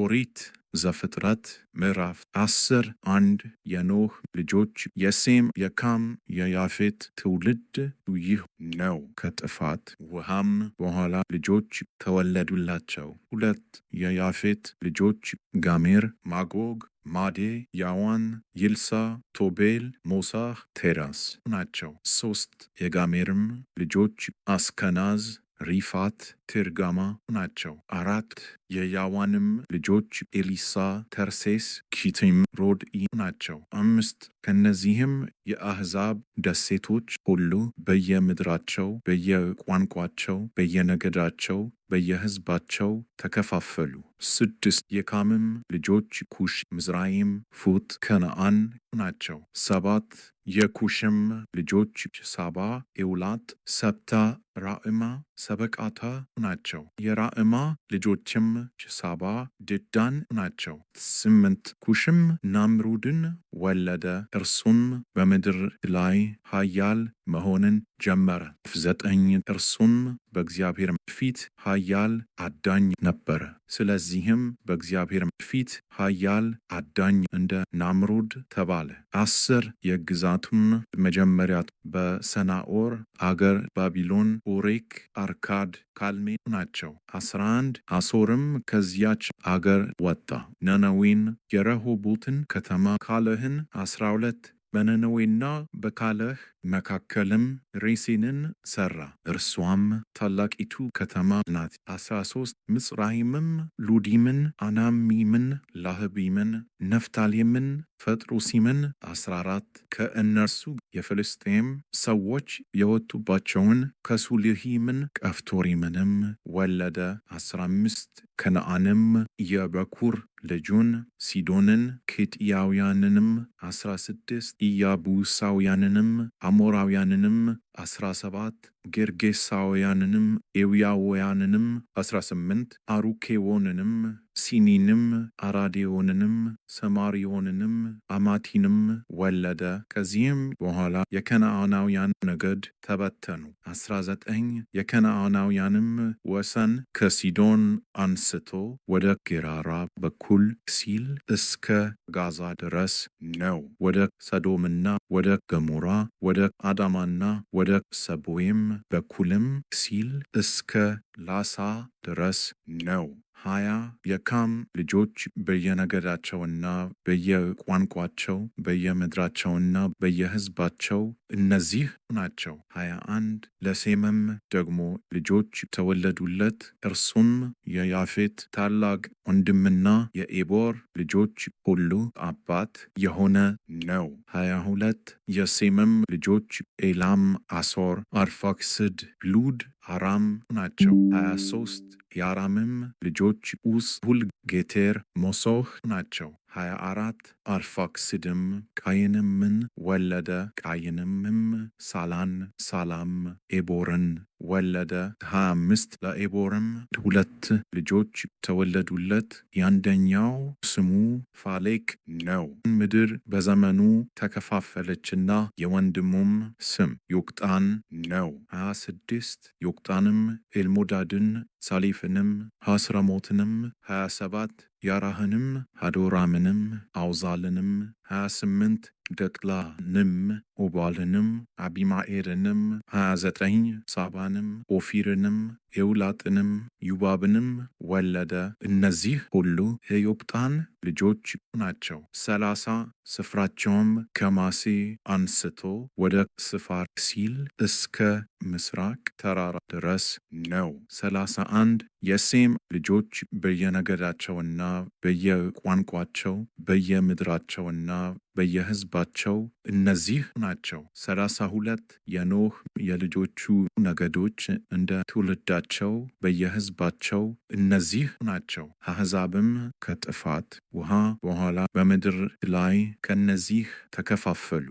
ኦሪት ዘፍጥረት ምዕራፍ አስር አንድ የኖህ ልጆች የሴም የካም የያፌት ትውልድ ይህ ነው። ከጥፋት ውሃም በኋላ ልጆች ተወለዱላቸው። ሁለት የያፌት ልጆች ጋሜር፣ ማጎግ፣ ማዴ፣ ያዋን፣ ይልሳ፣ ቶቤል፣ ሞሳህ፣ ቴራስ ናቸው። ሶስት የጋሜርም ልጆች አስከናዝ ሪፋት፣ ቴርጋማ ናቸው። አራት የያዋንም ልጆች ኤሊሳ፣ ተርሴስ፣ ኪቲም፣ ሮድኢ ናቸው። አምስት ከነዚህም የአሕዛብ ደሴቶች ሁሉ በየምድራቸው፣ በየቋንቋቸው፣ በየነገዳቸው፣ በየሕዝባቸው ተከፋፈሉ። ስድስት የካምም ልጆች ኩሽ፣ ምዝራይም፣ ፉት፣ ከነአን ናቸው። ሰባት የኩሽም ልጆች ሳባ፣ ኤውላት፣ ሰብታ፣ ራእማ፣ ሰበቃታ ናቸው። የራእማ ልጆችም ሳባ፣ ድዳን ናቸው። ስምንት ኩሽም ናምሩድን ወለደ። እርሱም በምድር ላይ ኃያል መሆንን ጀመረ። ዘጠኝ እርሱም በእግዚአብሔር ፊት ኃያል አዳኝ ነበረ። ስለዚህም በእግዚአብሔር ፊት ኃያል አዳኝ እንደ ናምሩድ ተባለ። አስር የግዛቱን መጀመሪያ በሰናኦር አገር ባቢሎን፣ ኡሬክ፣ አርካድ፣ ካልሜ ናቸው። አስራ አንድ አሶርም ከዚያች አገር ወጣ። ነነዌን፣ የረሆቦትን ከተማ፣ ካለህን አስራ ሁለት በነነዌና በካለህ መካከልም ሬሲንን ሠራ። እርሷም ታላቂቱ ከተማ ናት። 13 ምጽራሂምም ሉዲምን፣ አናሚምን፣ ላህቢምን፣ ነፍታሌምን፣ ፈጥሩሲምን 14 ከእነርሱ የፍልስጤም ሰዎች የወጡባቸውን ከሱልሂምን ቀፍቶሪምንም ወለደ። 15 ከነአንም የበኩር ልጁን ሲዶንን፣ ኬጥያውያንንም፣ አስራ ስድስት ኢያቡሳውያንንም አሞራውያንንም 17 ጌርጌሳውያንንም ኤውያውያንንም 18 አሩኬዎንንም ሲኒንም አራዴዎንንም ሰማሪዎንንም አማቲንም ወለደ። ከዚህም በኋላ የከነአናውያን ነገድ ተበተኑ። 19 የከነአናውያንም ወሰን ከሲዶን አንስቶ ወደ ጌራራ በኩል ሲል እስከ ጋዛ ድረስ ነው። ወደ ሰዶምና ወደ ገሞራ፣ ወደ አዳማና ወደ ወደ ሰቦይም በኩልም ሲል እስከ ላሳ ድረስ ነው። ሀያ የካም ልጆች በየነገዳቸውና በየቋንቋቸው በየምድራቸውና በየሕዝባቸው እነዚህ ናቸው። 21 ለሴምም ደግሞ ልጆች ተወለዱለት። እርሱም የያፌት ታላቅ ወንድምና የኤቦር ልጆች ሁሉ አባት የሆነ ነው። 22 የሴምም ልጆች ኤላም፣ አሶር፣ አርፋክስድ፣ ሉድ፣ አራም ናቸው። 23 የአራምም ልጆች ኡስ፣ ሁል፣ ጌቴር፣ ሞሶህ ናቸው። ሀያ አራት አርፋክስድም ቃይንምን ወለደ። ቃይንምም ሳላን፣ ሳላም ኤቦርን፣ ወለደ። 25 ለኤቦርም ሁለት ልጆች ተወለዱለት። የአንደኛው ስሙ ፋሌክ ነው። ምድር በዘመኑ ተከፋፈለችና የወንድሙም ስም ዮቅጣን ነው። 26 ዮቅጣንም ኤልሞዳድን፣ ሳሊፍንም፣ ሐስረሞትንም 27 ያራህንም፣ ሀዶራምንም፣ አውዛልንም 28 ንም ኦባልንም አቢማኤርንም 29 ሳባንም ኦፊርንም ኤውላጥንም ዩባብንም ወለደ። እነዚህ ሁሉ የዮቅጣን ልጆች ናቸው። ሰላሳ ስፍራቸውም ከማሴ አንስቶ ወደ ስፋር ሲል እስከ ምስራቅ ተራራ ድረስ ነው። ሰላሳ አንድ የሴም ልጆች በየነገዳቸውና በየቋንቋቸው በየምድራቸውና በየሕዝባቸው እነዚህ ናቸው። ሰላሳ ሁለት የኖህ የልጆቹ ነገዶች እንደ ትውልዳቸው በየህዝባቸው እነዚህ ናቸው። አሕዛብም ከጥፋት ውሃ በኋላ በምድር ላይ ከነዚህ ተከፋፈሉ።